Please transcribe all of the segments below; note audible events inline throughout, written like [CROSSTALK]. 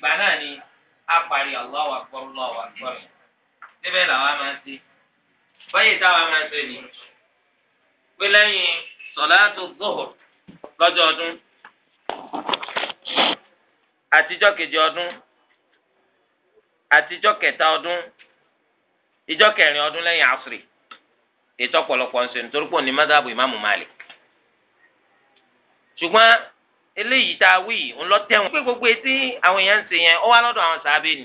ìgbà náà ni a parí Allahu akbar Allahu akbar níbẹ̀ làwa máa ń ṣe báyìí táwa máa ń ṣe ni pé lẹ́yìn sọ̀láàtù zuhur lọ́jọ́ ọdún àtijọ́ kejì ọdún àtijọ́ kẹta ọdún ìjọ kẹrin ọdún lẹ́yìn asiri ètò ọ̀pọ̀lọpọ̀ ń ṣe nítorí pé òní mádàbù ìmáàmù Malik ṣùgbọ́n eléyìí tá a wí ń lọ tẹ̀wọ̀n pé gbogbo etí àwọn èèyàn ń ṣe yẹn ó wá lọ́dọ̀ àwọn sàábẹ̀ ni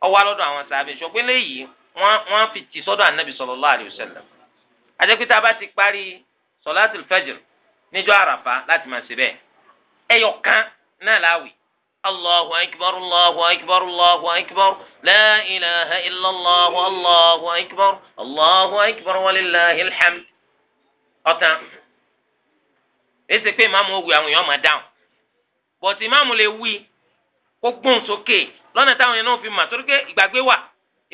ó wá lọ́dọ̀ àwọn sàábẹ̀ ṣùgbọ́n eléyìí wọ́n fi tì sọ́dọ̀ ànábì sallallahu alaihi wasallam àjẹpẹ́tà bá ti parí sọ̀látìl fẹ́jìr níjọ́ àràfà láti máa ṣe bẹ́ẹ̀ ẹyọ kan náà láwì allahu akbar allahu akbar allahu akbar la ilaha illallah allahu akbar allahu akbar walillahil hamd ọ̀tàn Ese pé ìmáàmù ó wí àwọn èèyàn máa dáhùn bọ̀tì ìmáàmù lè wí kó gbóhùn sókè lọ́nà táwọn èèyàn náà fi mà torí pé ìgbàgbé wà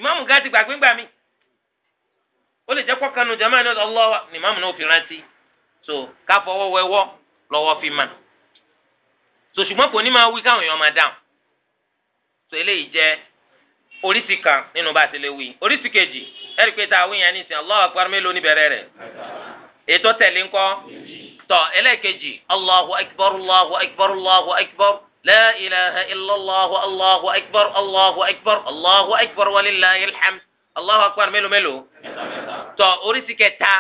ìmáàmù gan ti gbàgbé gbà mí ó lè jẹ́ kọ́kanu jama ní ọlọ́ ni ìmáàmù náà fi rántí so ká fọwọ́ wẹwọ́ lọ́wọ́ fi mà so ṣùgbọ́n kò ní máa wí káwọn èèyàn máa dáhùn so eléyìí jẹ́ oríṣi kan nínú bá a ti lè wí oríṣi kejì ẹ̀rí pé tá a wí yẹn ní ìsìn Allahu akbar níbẹ̀rẹ̀ rẹ̀ ètò tẹ̀lé ńkọ́ tọ ẹlẹ́ẹ̀kejì allahu akbar allahu akbar allahu akbar la ilaha illallah allahu akbar allahu akbar allahu akbar walillahil hamd allahu akbar mélòó mélòó tọ oríṣi kẹta.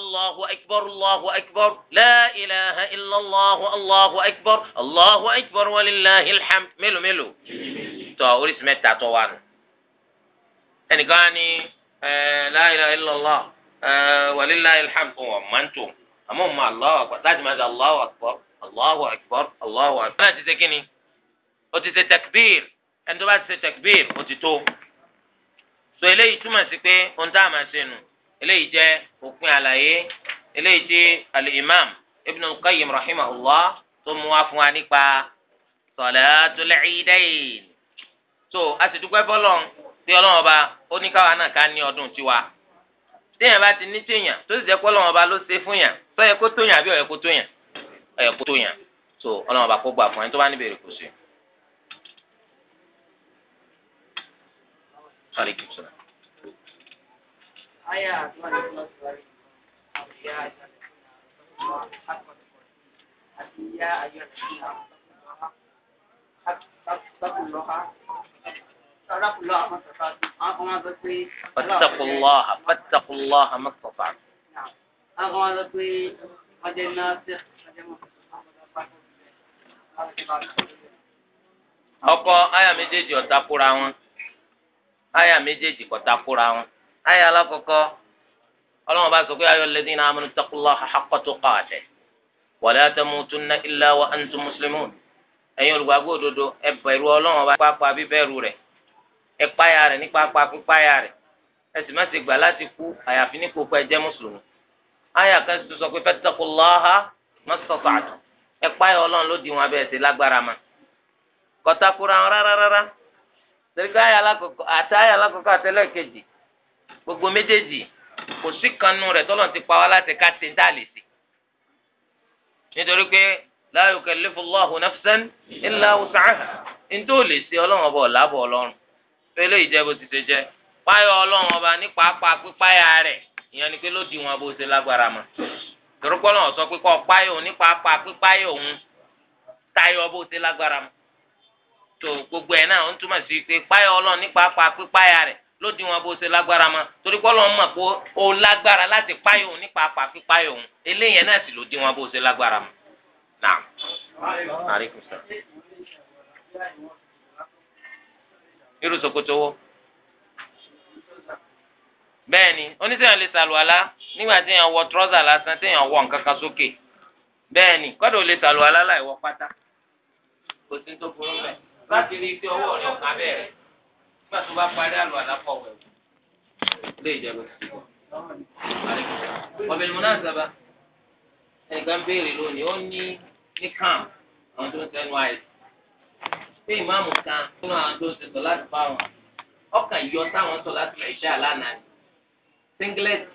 الله أكبر الله أكبر لا إله إلا الله الله أكبر الله أكبر ولله الحمد ملو ملو تو أوريس متى توان يعني قاني لا إله إلا الله ولله الحمد هو منتو àmọ́ mọ Allahu akbar láti máa ṣe Allahu akbar Allahu akbar Allahu akbar. ọ̀nà ti ṣe kínni o ti ṣe takbir ẹni tó bá ti ṣe takbir o ti tó. so eléyìí túmọ̀ sí pé ohun tá a máa ṣe nù eléyìí jẹ́ òpin àlàyé eléyìí ti al-imam ibn al-qayyim rahimahullah tó mú wá fún wa nípa salatul eidain. so a sì dúpẹ́ fọlọ́n tí ọlọ́wọ́n bá ó náà ká ní ọdún tiwa téèyàn bá ti ní téèyàn tó sì jẹ́ pọ́lọ́wọ́n bá ló ṣe fún yàn sọyẹ kó tó yàn àbí ọyẹ kó tó yàn ọyẹ kó tó yàn so ọlọ́run bá kó gbà fún ẹ tó bá níbi èrè kò sí. فاتقوا الله فاتقوا الله ما استطعتم àwọn ọ̀rọ̀ pé ọjọ́ iná sí ọjọ́ mọ́ ọkọ aya méjèèjì ọ̀tá kúra wọn aya méjèèjì kọ̀tá kúra wọn aya alákọ̀ọ́kọ́ ọlọ́wọ́n bá sọ pé ayọ̀ lẹ́dínà amúnú takùlọ́ àkọ́tù kọ́ọ̀tẹ̀ wala tamutunna illa wa antum muslimun ẹ̀yin olùgbàgbọ́ òdodo ẹ bẹ̀rù ọlọ́wọ́n bá pápá bíbẹ̀rù rẹ̀ ẹ rẹ̀ nípa pápá pípáyà rẹ̀ ẹ sì gbà láti kú àyàfi nípò pé ẹ mùsùlùmí. àyà kan sọ pé fattaqullaha mastata'tum ẹ páyà ọlọ́run ló di wọn abẹ́ ẹ̀sẹ̀ lágbára ma lagbara àwọn rárárárá tẹ̀lifí àyà alákọ̀ọ́kọ́ àti àyà alákọ̀ọ́kọ́ àtẹ́lẹ̀ kejì gbogbo méjèèjì kò sí kanú rẹ̀ tọ́lọ̀ ti pa wá láti ká ti dá lè sí nítorí pé ọlọ́run ìyẹn ni pé ló di wọn bó ṣe lágbára mọ́ torókọ́ náà sọ pé kọ́ páyọ̀ òun nípa apá pípáyọ̀ òun tayọ bó ṣe lágbára mọ́ tó gbogbo ẹ̀ náà ń túmọ̀ sí pé páyọ̀ ọlọ́run nípa apá pípáyà rẹ̀ ló di wọn bó ṣe lágbára mọ́ torí kọ́ lọ́n mọ̀ pé ó lágbára láti páyọ̀ òun nípa apá pípáyọ̀ òun eléyẹn náà sì ló di wọn bó ṣe lágbára mọ́ irú ṣòkòtò wo bẹ́ẹ̀ni oníṣẹ́yàn lè sàlùwàlá nígbà tí èèyàn wọ trọ́sà lásán tí èèyàn wọ nǹkan kan sókè bẹ́ẹ̀ni kọ́dọ̀ lè sàlùwàlá láì wọ pátá kò sí tó burú mẹ́ láti rí i pé ọwọ́ rẹ̀ ọ̀kan bẹ̀rẹ̀ nígbà tó bá parí àlùwàlá pọ̀ wẹ̀ lé ìjẹ́bù sí i. ọ̀bẹ̀ni mo náà sábà ẹnìkan béèrè lónìí ó ní ní kàm àwọn tó ń sẹ́nu àìsàn pé ìmáàmù kan nínú àwọn tó ń sẹ́nu láti bá wọn ọkàn yọ táwọn sọ láti lọ ìṣe àlànà ni singlet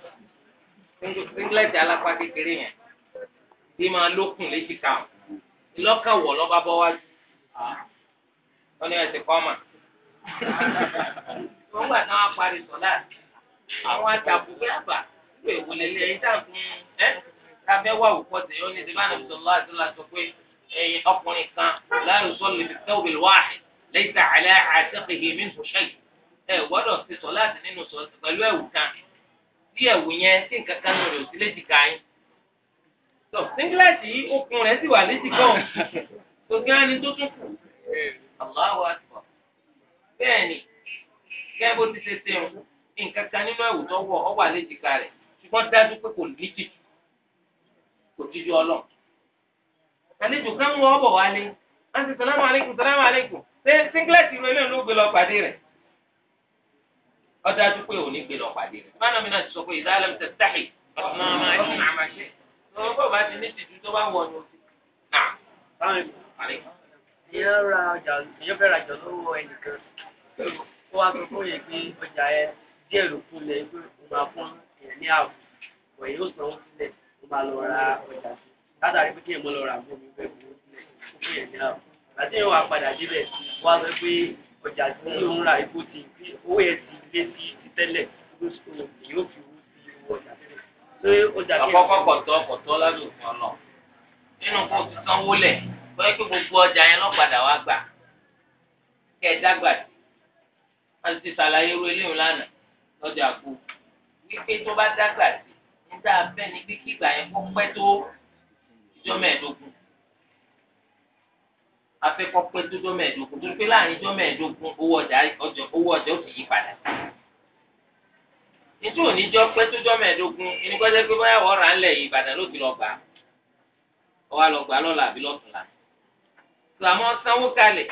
singlet alápá kékeré yẹn tí máa lókun létí ká o ìlọ́kà wọ̀ lọ́ba bọ́ wájú wọ́n ní ẹ̀sìn kọ́mà wọ́n gbà náà parí sọ́lá àwọn àtàkùn bí àbá ló èwo lélẹ̀ ẹ̀yìn tàbí ẹ̀ abẹ́ wà òkú ọ̀sẹ̀ yóò ní ìdíbànú sọ̀lá àtúnlá sọ pé ẹ̀yìn ọkùnrin kan láyò sọ́ọ̀lù lè tẹ́wọ̀ bẹ̀rẹ̀ wáhì lẹ́yìn tààlẹ́ àtẹ́kẹ̀yẹ mi ń sọ ṣẹ́yìn ẹ̀ gbọ́dọ̀ ti sọ láti nínú sọ sí ẹ̀wù yẹn tí nǹkan kan náà rẹ̀ ò sí léjìká yín. tó síngíláàtì yìí okùn rẹ̀ sì wà léjìká òun kò sí ẹni tó tún kù. aláwọ̀ àtọ̀ bẹ́ẹ̀ ni kẹ́ bó ti ṣe ṣe nǹkan kan nínú ẹ̀wù tó wọ̀ ọ́ wà léjìká rẹ̀ ṣùgbọ́n dájú pé kò ní tìjú kò tìjú ọlọ́run. àlejò kan wọ ọ bọ̀ wálé wọ́n ti sàlámù alaykum sàlámù alaykum ṣé síngíláàtì rẹ̀ ló gbé lọ pàdé rẹ̀ ọdájú pé òní gbé lọ pàdé rẹ̀ bá nàmínà ti sọ pé ìdálẹ́mú tẹ̀ sáhì ọ̀nà máa ní àmàṣe ọ̀nà bọ́ọ̀ bá ti ní tìjú tó bá wọ̀ ọ́ ni o ti. èèyàn fẹ́ rajà lọ́wọ́ ẹnìkan ó wá sọ fún yẹn pé ọjà ẹ díẹ̀ ló kún lẹ pé ó máa fún sílẹ̀ ó máa lọ ra ọjà sí látàrí pé kí èèyàn lọ ra àbúrò mi fẹ́ fún ó sílẹ̀ ó fún èèyàn ní ààbò àti èèyàn wà padà débẹ̀ wá sọ pé ọjà tí ó ń ra epo ti owó yẹn ti lé sí ti tẹ́lẹ̀ yóò fi owó sí owó ọjà tẹ́lẹ̀. ṣé ọjà kí ẹ. àkọ́kọ́ kọ̀tọ́ kọ̀tọ́ lálẹ́ òfin ọ̀nà nínú kó ti sanwó lẹ̀ bóyá kí gbogbo ọjà yẹn lọ́padà wá gbà kẹ́ ẹ dágbà sí. a ti ṣàlàyé irú eléyìí lánàá lọ́jà kú wípé tó bá dágbà sí nígbà bẹ́ẹ̀ ni pé kígbà yẹn kó pẹ́ tó afẹ́kọ́ pé dúdú mẹ́ẹ̀ẹ́dógún torí pé láàrin ijó mẹ́ẹ̀ẹ́dógún owó ọjà ọjọ́ owó ọjà ó sì yí padà. nítorí oníjọ́ pé dúdú mẹ́ẹ̀ẹ́dógún ìníkọ́jẹ́ pé báyà wọ́n rà ń lẹ̀ yìí Ìbàdàn ló ti lọ gbà ọ wá lọ gbà lọ́la àbí lọ́tùnla. tó àmọ́ sanwó kalẹ̀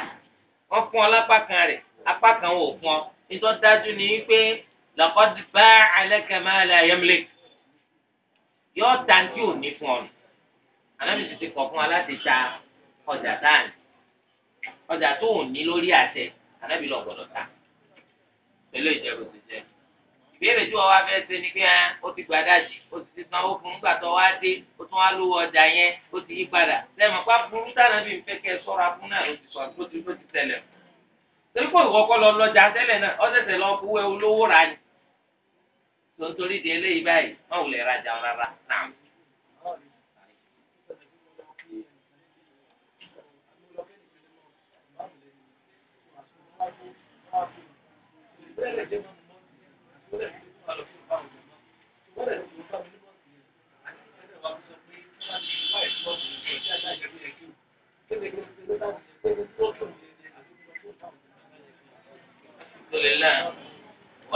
wọ́n fún ọ lápá kan rẹ̀ apá kan wò fún ọ nítorí dájú ni wípé laqad ba'a laka ma la yamlik yọ ọ̀tá tí ò ní fún ọ àná mi ti ti kọ̀ fún ọ láti ta ọjà táàní ọjà tó ò ní lórí àtẹ ànábì lọ gbọ́dọ̀ ta pẹ̀lú ìjẹbù ti jẹ ìbéèrè tí wọn wá fẹẹ ṣe ni pé ẹ ó ti gbàdájì ó ti ti sanwó fún nígbà tó wá dé ó tún wá lówó ọjà yẹn ó ti yí padà lẹ́mọ̀ pa burú tànàbì ń fẹ́ kẹ́ sọ́ra fún náà ló ti sọ àti bó ti bó ti tẹ̀lẹ̀ torí pé ìwọ kọ́ lọ lọ́jà tẹ́lẹ̀ náà ọ̀sẹ̀sẹ̀ lọ fún ẹ olówó rà ní. tó di eléyìí báyìí wọn ò lè rajà rárá náà. wọ́n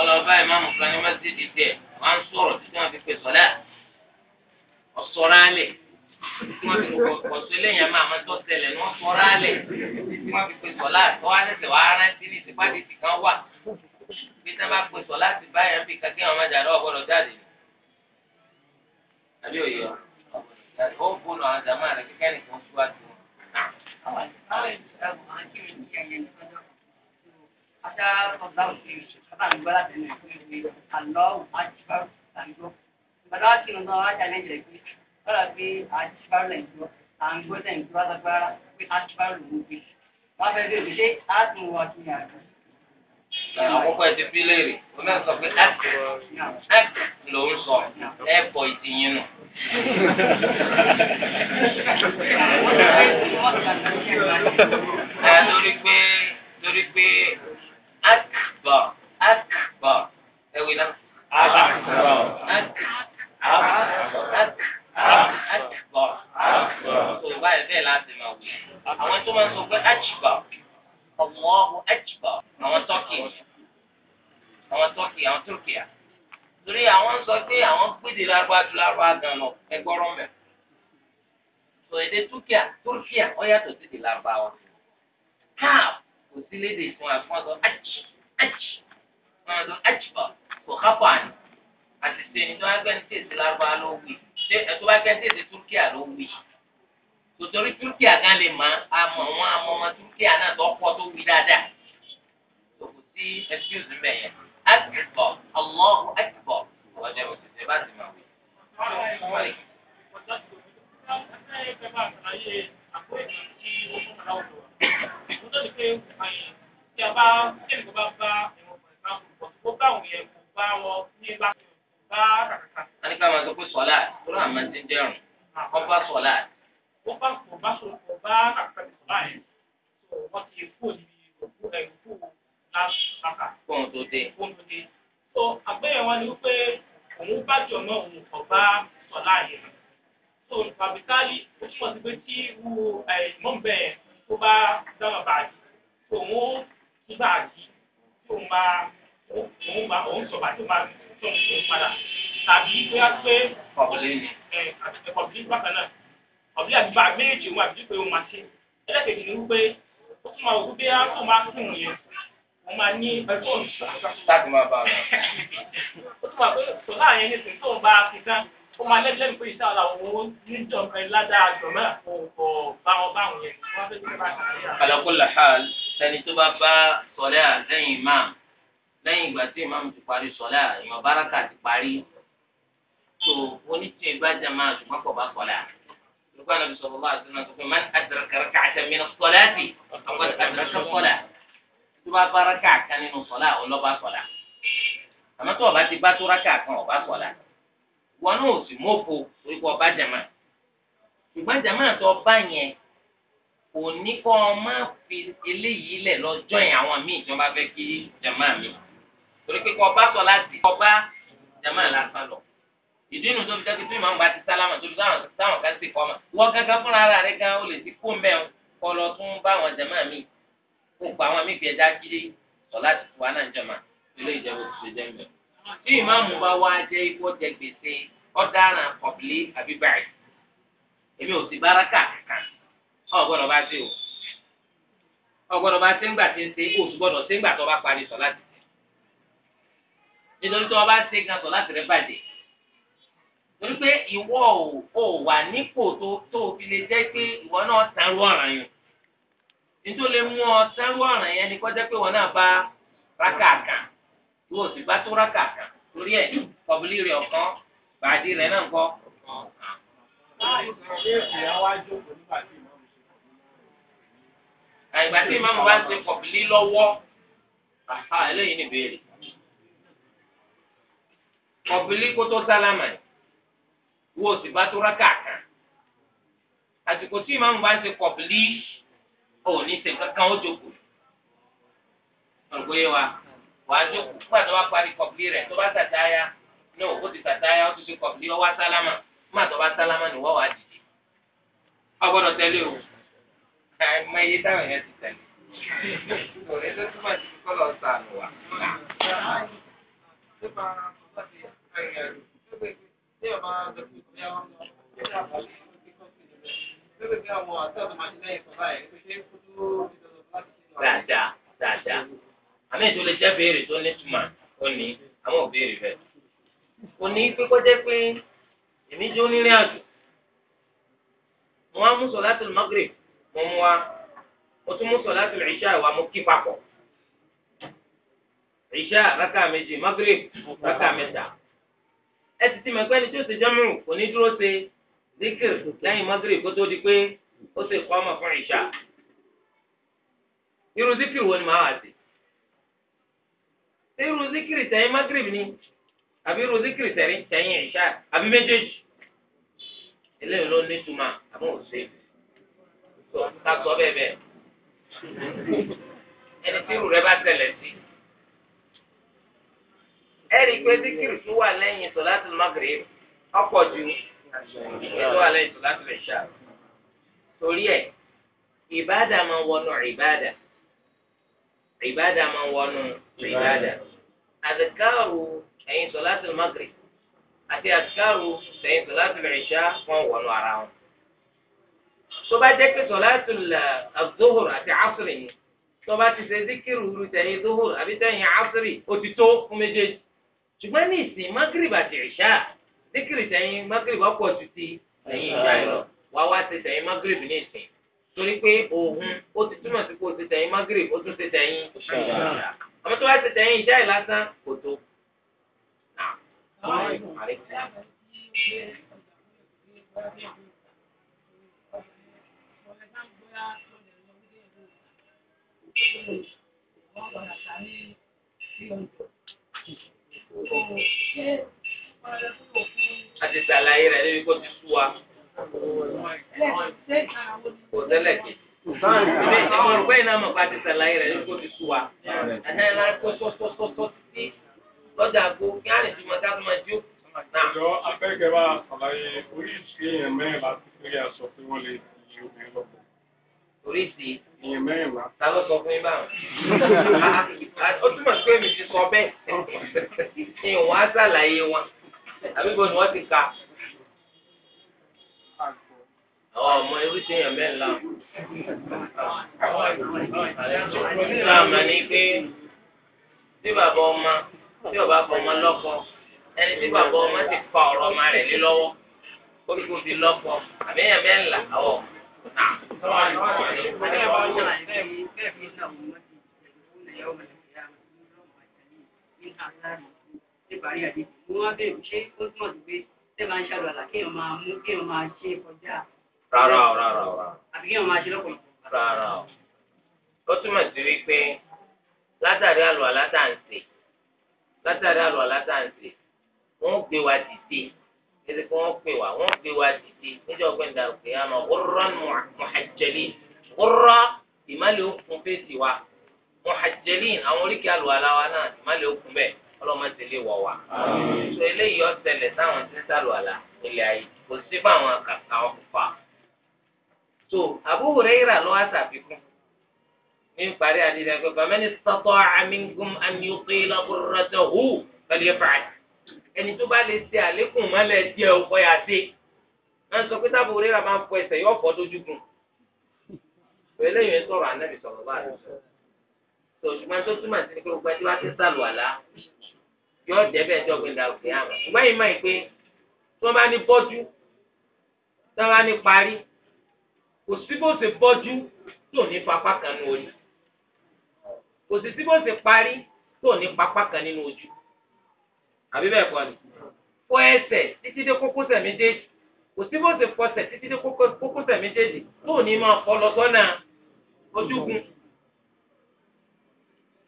lọ bá ìmáàmù kan ní mọ́sídìí tẹ̀ wọ́n á ń sọ̀rọ̀ títí wọ́n fi pè sọ́lá ọ̀sọ̀rọ̀ alẹ̀ tí wọ́n fi kọ̀ọ̀sọ̀ eléyàn máa máa tọ́ tẹ̀lẹ̀ ní wọ́n sọ̀rọ̀ alẹ̀ tí wọ́n fi pè sọ́lá àtọ́wálẹ̀sẹ̀ wàá rántí ní ìsèpàdé ti kan wà bí tá a bá pè sọ láti báyà bí kakẹ́ wọn má dàrú ọ̀gbọ́dọ̀ jáde àbí òye ọ ó ń bọ̀nà àwọn jàmá rẹ kíkẹ́ nìkan síwájú wọn. Ada ọ̀gá òṣèlú bàbá mi gbọ́dọ̀ tẹ̀lé ìpínlẹ̀ ìwé àlọ́ àjùbárò àǹgbọ́. Bàbá wa kìlọ̀ Kalau wá jáde jẹ̀ pé bọ́dà pé àjùbárò lẹ̀ ń gbọ́ àǹgbọ́ tẹ̀ ń gbọ́ àgbára pé àjùbárò ló ń gbé. Wọ́n fẹ́ bẹ̀rẹ̀ ṣé àtúnwò àtúnyàgbọ́ àkọ́kọ́ ẹ ti bí léèrè omi ẹ sọ pé ẹkẹ ẹkẹ ló ń sọ ẹ bọ ìtìyín nù. ẹ lórí pé lórí pé akbọ akbọ ẹ wí náà. akbọ akbọ akbọ tó báyìí bẹ́ẹ̀ láti máa wí àwọn tó máa ń sọ pé akbọ. Allahu Akbar àwọn tọ́kì àwọn tọ́kì àwọn Turkiya torí àwọn sọ pé àwọn gbèdè lárúbájú lárúbá gan lọ ẹgbọ́rọ̀ mẹ́ sọ èdè Turkiya Turkiya ó yàtọ̀ sí èdè lárúbá wa káàpù kò sí léde fún wa fún ọdún achi achi fún ọdún achi bọ kò kápọ̀ àná àti sèǹtì wọn gbẹ́ni tèèsì lárúbá ló wí ṣé ẹ̀tọ́ bá gbẹ́ni tèèsì Turkiya ló wí tòtòrí dúkìá gan lè má àmọ́ wọn àmọ́ wọn dúkìá náà tó pọ̀ tó wí dáadáa tòkù sí excuse mbẹ yẹn akpọ Allahu akpọ ọjọ òṣìṣẹ́ bá ti máa wí. Tí a bá tí ènìyàn bá bá ẹ̀wọ̀n pẹ̀lú ìbámu pọ̀, ó wọ́n bá kò bá sọ̀rọ̀ kò bá àkàtàkì sọ̀rọ̀ yẹn wọ́n ti kú níbi òkú ẹ̀kú láàkà. fóun tó dé. fóun tó dé. tó àgbẹ̀yẹ̀ wọn ni wípé òun bá jọ mọ́ òun kò bá sọ̀lá yẹn. tó pàbíkálí ó túmọ̀ sí pé tí irú mọ́ǹbẹ̀ tó bá dáhùn bàjẹ́ tó òun tún bàjẹ́ tó máa òun máa òun sọ̀ bàjẹ́ máa tó òun padà tàbí bóyá pé. kọ̀ọ̀lì ni. ẹ̀ àti kọ̀ọ̀lì bákan náà àbúlé àti bá méjì wọn àbí pé wọn máa ṣe ẹlẹ́kẹ̀jì ni wípé ó tún máa wò pé àwọn tó máa sùn yẹn wọ́n máa ní ẹgbẹ́ òṣù láti máa bá a lọ. ó tún máa pé sọlá yẹn ní sìn tó ń bá a fi tán ó máa lẹ́jọ́ ní pé iṣẹ́ ọ̀la òun ní ìjọba ládàá àgbọ̀mọ́ ọ̀pọ̀ báwọn báwọn yẹn wọ́n fẹ́ tó bá a ṣe. àlọ́kùnlé hàl sẹni tó bá bá sọlẹ́ àlẹ́yìn máa lẹ́yìn ìgbà tí ìmáàmù ti parí sọlẹ́ ìmọ̀ báràkà ti parí tó onítìyẹ bá jẹ máa ṣùgbọ́n kọ̀ bá sọlẹ́ àlẹ́ tukpa nabi sallallahu alaihi wasallam tukpa من adraka rak'atan min as-salati faqad adraka as-salah tuba baraka kan nínú sọlá ọlọba sọlá àmọ́ tó o bá ti bá tó rákà kan o bá sọlá wọn náà ò sì mọ́fo orí kọ bá jama ṣùgbọ́n jama tó bá yẹn kò ní kọ́ fi eléyìí lẹ̀ lọ́jọ́ yẹn àwọn míì tí wọ́n bá fẹ́ kí jama mi torí pé kọ́ bá sọ láti kọ́ bá jama lásán lọ ìdí inú tó fi jẹ́ pé màmú bá ti sálámà tó fi sáwọn sáwọn kan sì kọ́mà wọ́n gángan fúnra ara rẹ̀ gan ó lè ti kó mẹ́rin kọ́ lọ tún bá àwọn jàmá mi kó pa àwọn mi fi ẹja kílé sọ láti fún wa náà jàmá ilé ìjẹun tó ṣe jẹ́ mi. tí ìmáàmù bá wá jẹ́ ikú jẹ gbèsè ọ̀daràn ọ̀bìlẹ̀ àbí èmi ò sì bára kàkàkà ọ̀gbọ́dọ̀ bá ṣe o ọ̀gbọ́dọ̀ bá ṣe ń gbà tí ń ṣe oṣù torí pé ìwọ ò wà nípò tó tó fi lè jẹ́ pé ìwọ náà sanwó ọ̀ràn yẹn nítorí lè mú ọ sanwó ọ̀ràn yẹn ni kọjá pé ìwọ náà bá rákà kan tó o sì bá tó rákà kan torí ẹ̀ kọ̀bílì rẹ̀ ọ̀kan bàdí rẹ̀ náà kọ́. àyìnbá tí ìmáàmù bá ń ṣe kọ̀bílì lọ́wọ́ eléyìí ni béèrè kọ̀bílì kótó sálámà yìí wo sì bá tó rákà kan àsìkò tí ìmáàmù bá ń ṣe kọ̀pìlì òní ṣe kankan ó jókòó ọ̀gbọ́n yé wa wàá jókòó fún àtọ́wá parí kọ̀pìlì rẹ̀ tó bá tàtáyà náà ó ti tàtáyà ó ti ṣe kọ̀pìlì ọwá sálámà fún àtọ́wá sálámà ni wọ́n wàá dìde ọgbọ́dọ̀ tẹ̀lé o àìmọ iye táwọn yẹn ti tẹ̀lé òní tó túmọ̀ sí kọ́lọ̀ sànù wa tí ẹ̀ máa lọ sí ìpínlẹ̀ ọ̀hún lọ sí àbálẹ̀ ìpínlẹ̀ kọ́ńtì rẹ̀ lórí bí àwọn àtọ́nà máa ń lẹ́yìn bàbá ẹ̀ pé ṣé kó tó ìdọ̀rọ̀ bá ti ṣe lọ. dáadáa dáadáa àmì ìjọ mo mú wa mo tún mú sọláàtì ìṣá ìwà mo kí rákà méjì magrib rákà mẹ́ta ẹ ti ti mọ̀ pé ẹni tí ó ṣe jẹ́mú kò ní dúró ṣe zikir lẹ́yìn mọ́gírì kó tó di pé ó ṣe kọ́ ọmọ fún ìṣà irú zikir wo ni màá wà sí irú zikir tẹ̀yìn mọ́gírì ni àbí irú zikir tẹ̀yìn ìṣà àbí méjèèjì eléyìí ló ní tuma àmọ́ ò ṣe tó ká sọ bẹ́ẹ̀ bẹ́ẹ̀ ẹni tí irú rẹ bá tẹ̀lẹ̀ sí pé díkìrì tó wà lẹ́yìn sọ̀láàtì Maghrib ọ̀pọ̀ ju èyí tó wà lẹ́yìn sọ̀láàtì Ìṣà torí ẹ̀ ìbáàdà máa wọnú ìbáàdà ìbáàdà máa wọnú ìbáàdà àdìkárù ẹ̀yìn sọ̀láàtì Maghrib àti àdìkárù ẹ̀yìn sọ̀láàtì Ìṣà wọn wọnú ara wọn tó bá jẹ́ pé sọ̀láàtì àdúhùr àti àṣírí ni tó bá ti ṣe díkìrì rú tẹ̀yìn dúhùr àbí tẹ̀yìn àṣírí ó fún méjèèjì ṣùgbọ́n ní ìsìn magrib àti ìṣá síkìrì tẹ̀yìn magrib ọ̀pọ̀ ju ti tẹ̀yìn ìṣá lọ wá wá ti tẹ̀yìn magrib ní ìsìn torí pé òun ó ti túmọ̀ sí pé ó ti tẹ̀yìn magrib ó tún ti tẹ̀yìn ìṣá àmọ́ tó wá ti tẹ̀yìn ìṣá yìí lásán kò tó. Thank you a ti ṣàlàyé rẹ̀ níbi kó ti sú wa kò tẹ́lẹ̀ kejì ìbí ìwọ̀n rúgbẹ́ iná mọ̀ pa ti ṣàlàyé rẹ̀ níbi kó ti sú wa ẹ̀hẹ́ ńlá kó sọ́sọ́sọ́sọ́ títí lọ́jà àgbo kí á lè fi mọ káfí máa jó. àjọ abẹ́gẹ́ wa ṣàlàyé orí ìṣe èèyàn mẹ́rin láti pé aṣọ tí wọ́n lè fi obìnrin lọ́pọ̀ oríṣi èèyàn mẹ́rin wá. ta ló sọ fún yín báwọn. [LAUGHS] ó túmọ̀ sí pé mi ti sọ bẹ́ẹ̀. [LAUGHS] ìwọ̀n á ṣàlàyé wọn àbíbo ni wọ́n ti kà. àwọn ọmọ oríṣi èèyàn mẹ́rin la. láàmà ni pé tí bàbá ọmọ tí ò bá fọmọ lọ́kọ ẹni tí bàbá ọmọ ti fa ọ̀rọ̀ ọmọ rẹ̀ lé lọ́wọ́ ó kó fi lọ́kọ àbí èèyàn mẹ́rin Rárá o, rárá o, rárá. Àbí kí wọ́n máa ṣe lọ́pọ̀lọpọ̀. Rárá o. Ó túmọ̀ sí wípé látàrí àlọ́ àlátà ń sè látàrí àlọ́ àlátà ń sè wọ́n gbé wa dìde ẹsẹ kí wọn pè wá wọn pè wá dìde níjọ gbẹndà òkè àmọ́ ọrọ mọhàjẹlì ọrọ ìmàlẹ òkun fèsì wa mọhàjẹlì àwọn oríkì àlùwàlà wa náà ìmàlẹ òkun bẹ́ẹ̀ ọlọmọdélé wọ wa. sọ eléyìí ọsẹlẹ táwọn ti ń sàlùwàlà ilẹ̀ ayé kò sí fáwọn kàkà ọkùnfà. so Abu Hurairah ló wá sàfikún ní parí adídàgbẹ́ pẹ̀lú ẹni tó bá lè ṣe àlékún mọ́lẹ̀ díẹ̀ ọkọ yà sí wọ́n sọ pé tábù rírà máa ń fọ ẹsẹ̀ yóò fọ́ dójúkùn pẹ̀lú èyàn sọ̀rọ̀ ànábì sọ̀rọ̀ bá rẹ̀ sọ ṣùgbọ́n tó túmọ̀ sí ni pé gbogbo ẹjọ́ bá ti sàlù àlá yóò dẹ́bẹ̀ ẹjọ́ gbé da òkè àmọ́ ṣùgbọ́n yìí mọ̀ pé tí wọ́n bá ní bọ́jú tí wọ́n bá ní parí kò sí bó ṣe bọ́jú tó ní ní papá kan nínú ojú àbí bẹ́ẹ̀ kọ́ ni fọ ẹsẹ̀ títí dé kókósẹ̀ méjèèjì kò sí bó ṣe fọsẹ̀ títí dé kókósẹ̀ méjèèjì tó ní máa fọ lọ sọ́nà ojúgun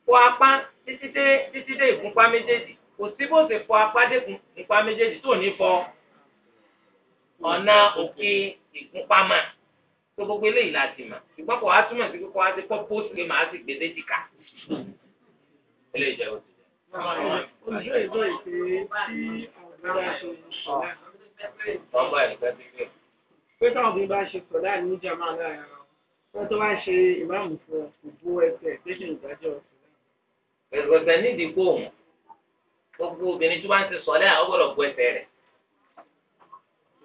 fọ apá títí dé títí dé ìgúnpá méjèèjì kò sí bó ṣe fọ apá dé ìgúnpá méjèèjì tó ní fọ ọ̀nà òkè ìgúnpá máa tó gbogbo eléyìí la ti mà ṣùgbọ́n kò wá túmọ̀ sí kó wá sí pọ́ pósìlì màá sì gbé déjìká eléyìí jẹ́ òsì olùdíje ìjọ ìpè tí àwọn bá ṣe sọ̀lá. pé táwọn obìnrin bá ṣe sọ̀lá ní jama lára wọn tó bá ṣe ìmáàmù fún ọ kò bó ẹsẹ̀ tẹ́sán ìdájọ́ sọ̀lá. ẹ̀rọ̀gbẹ̀ nídìí kó òun gbogbo obìnrin tó bá ń ṣe sọ̀lá ó gbọ́dọ̀ bó ẹsẹ̀ rẹ̀.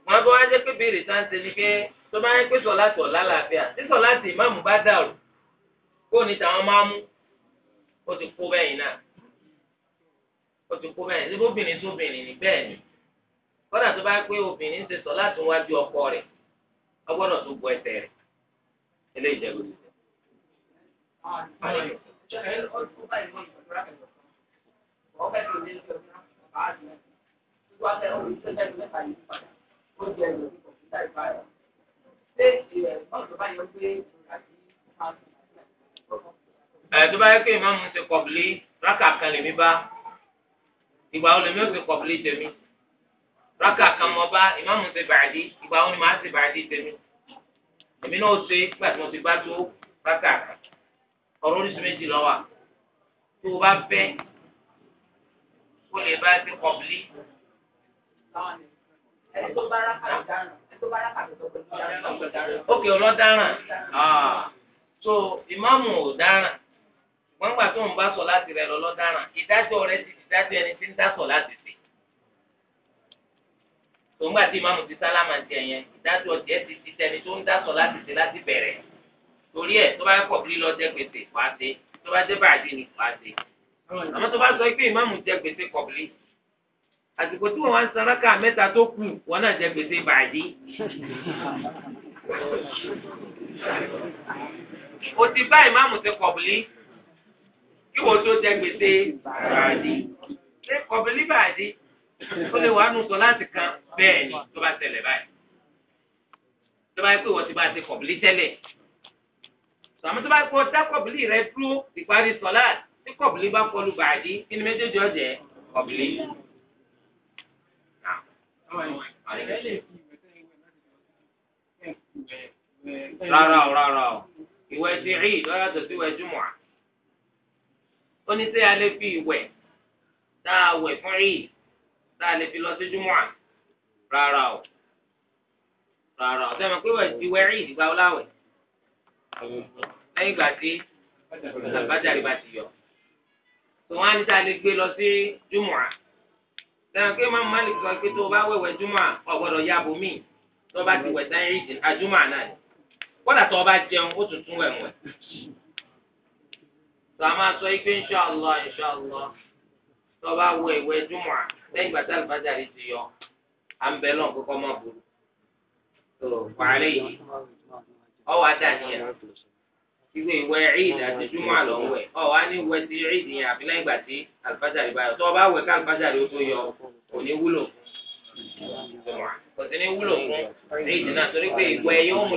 ṣùgbọ́n bó wá jẹ́ pé béèrè tá ń ṣe ni pé tó bá yẹ pé sọ̀lá tọ̀ lálàáfíà tí sọ̀lá tì ìmáàmù bá dàrú kó ní tàwọn máa mú o ti kó bẹ́yìn náà ó ti kú bẹ́ẹ̀ síbi obìnrin tó obìnrin ní bẹ́ẹ̀ ni kódà tó bá pé obìnrin ṣe sọ láti wájú ọkọ rẹ̀ ó gbọ́dọ̀ tó bu ẹsẹ̀ rẹ̀ eléyìí jẹ́ lórí ẹ̀ tó bá yẹ kó ìmáàmù ti kọ̀bìlì rákà kan lè mí bá ìgbà wo lèmi ó ti kọ̀bìlì tèmi rákà kan mọ bá ìmáàmù ṣe bàdí ìgbà wo ni màá ṣe bàdí tèmi èmi náà ṣe nígbà tí mo ti bá tó rákà kan ọ̀rọ̀ oríṣi méjì lọ wà tó o bá fẹ́ o lè bá ṣe kọ̀bìlì. ẹni tó bá rákà dáràn ẹni ah. so ìmáàmù ò dáràn wọ́n gbà tó ń bá sọ láti rẹ̀ lọ́lọ́dáràn ìdájọ́ rẹ̀ ti dájú ẹni tí ń dásọ̀ láti sí. tòǹgbà tí ìmáàmù ti sálámà ti ẹ̀yẹn ìdájọ́ ọ̀jẹ́ ti ti tẹni tó ń dásọ̀ láti sí láti bẹ̀rẹ̀. torí ẹ̀ tó bá kọ̀ bí lọ́jẹ́ gbèsè wá sí tó bá dé bàjẹ́ ni wá sí. àmọ́ tó bá sọ pé ìmáàmù jẹ gbèsè kọ̀bìlì àsìkò tí wọn wá ń saraka mẹ́ta tó kù wọn náà jẹ gbèsè bàjẹ́ o ti bá ìmáàmù ti kọ̀bìlì kí wọ́n tó jẹ gbèsè bàdí ṣé kọ̀bìlì bàdí ó lè wà nù sọ láti kan bẹ́ẹ̀ ni tó bá tẹ̀lẹ̀ báyìí tó bá yẹ pé wọ́n ti bá ṣe kọ̀bìlì tẹ́lẹ̀ sàmú tó bá kọ dá kọ̀bìlì rẹ dúró ìparí sọ̀lá tí kọ̀bìlì bá kọlu bàdí kí ni méjèèjì ọ̀jẹ̀ kọ̀bìlì. rárá o rárá o ìwẹ̀ ti rí ìdọ́yàtọ̀ sí ìwẹ̀ jùmọ̀ à ó ní sẹ́yà lè fi ìwẹ̀ tá a wẹ̀ fún rí tá a lè fi lọ sí júmọ́à rárá o rárá o sẹ́mi pé wẹ̀ ti wẹ̀ rí ìdìgbà ọláwẹ̀ lẹ́yìn ìgbà tí àbájáde bá ti yọ tòun á ní tá a lè gbé lọ sí júmọ́à sẹ́mi pé máa máa lè sọ pé tó o bá wẹ̀wẹ̀ júmọ́à ọ̀gbọ́dọ̀ ya bò míì tó o bá ti wẹ̀ sáyẹ́rì àjùmọ̀ náà kódà tó o bá jẹun ó tuntun wẹ̀ wẹ̀ tó a máa sọ yìí pé inṣàlá inṣàlá tó bá wọ ìwé júmọ̀ lẹ́yìn ìgbà tá àlùfáàjà rí ti yọ à ń bẹ lọ́n kókó má burú tó wàhálẹ̀ yìí ọwọ́ àdáníyà ìwé ìwé ìdí àti júmọ̀ àlọ́ ń wẹ̀ ọ̀ wá ní ìwé ti ìdí yẹn àfi lẹ́yìn ìgbà tí àlùfáàjà rí báyọ̀ tó o bá wẹ̀ ká àlùfáàjà rí tó yọ kò ní wúlò kò sí ní wúlò fún ìdí náà torí pé ìwé yóò mú